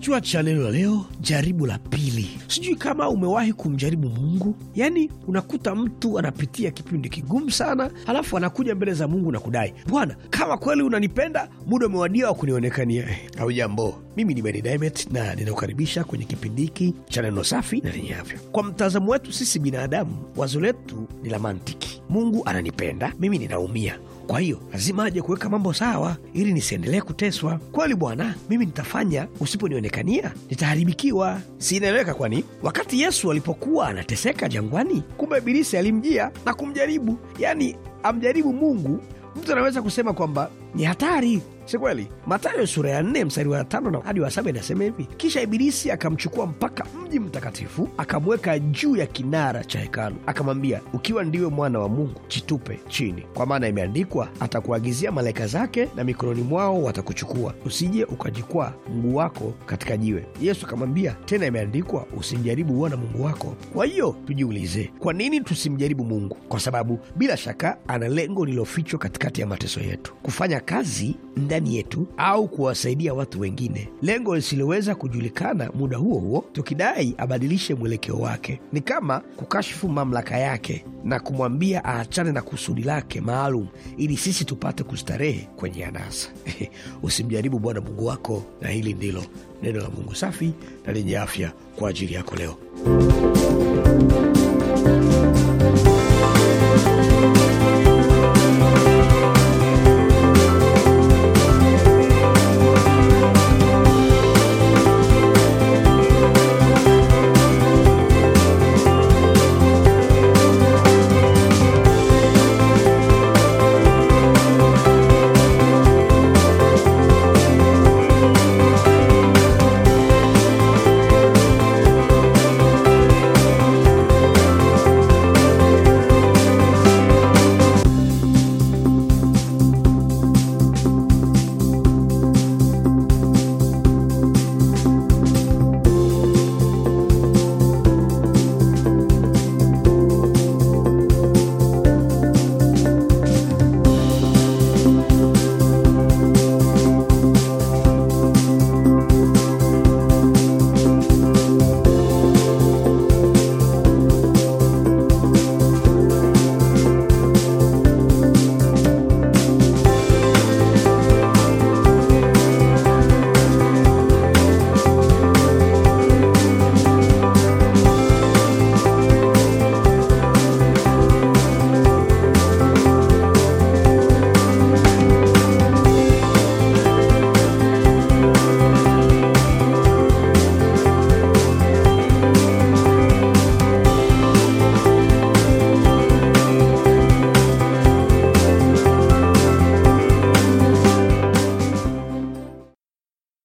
Kichwa cha neno leo, jaribu la pili. Sijui kama umewahi kumjaribu Mungu. Yaani, unakuta mtu anapitia kipindi kigumu sana, halafu anakuja mbele za Mungu na kudai, Bwana, kama kweli unanipenda, muda umewadia wa kunionekania. aujambo mimi ni Meri Dimet na ninakukaribisha kwenye kipindi hiki cha neno safi na lenye afya. Kwa mtazamo wetu sisi binadamu, wazo letu ni la mantiki. Mungu ananipenda mimi, ninaumia kwa hiyo lazima aje kuweka mambo sawa ili nisiendelee kuteswa. Kweli Bwana, mimi nitafanya usiponionekania, nitaharibikiwa. Siinaeleweka. Kwani wakati Yesu alipokuwa anateseka jangwani, kumbe Ibilisi alimjia na kumjaribu, yaani amjaribu Mungu. Mtu anaweza kusema kwamba ni hatari si kweli? matayo sura ya nne mstari wa tano na hadi wa saba inasema hivi: kisha Ibilisi akamchukua mpaka mji mtakatifu, akamweka juu ya kinara cha hekalu, akamwambia, ukiwa ndiwe mwana wa Mungu jitupe chini, kwa maana imeandikwa, atakuagizia malaika zake, na mikononi mwao watakuchukua, usije ukajikwaa mguu wako katika jiwe. Yesu akamwambia tena, imeandikwa, usimjaribu Bwana Mungu wako. Kwa hiyo tujiulize, kwa nini tusimjaribu Mungu? Kwa sababu bila shaka ana lengo lililofichwa katikati ya mateso yetu, kufanya kazi ndani yetu au kuwasaidia watu wengine, lengo lisiloweza kujulikana muda huo huo, tukidai abadilishe mwelekeo wake. Ni kama kukashifu mamlaka yake na kumwambia aachane na kusudi lake maalum, ili sisi tupate kustarehe kwenye anasa. Usimjaribu Bwana Mungu wako. Na hili ndilo neno la Mungu safi na lenye afya kwa ajili yako leo.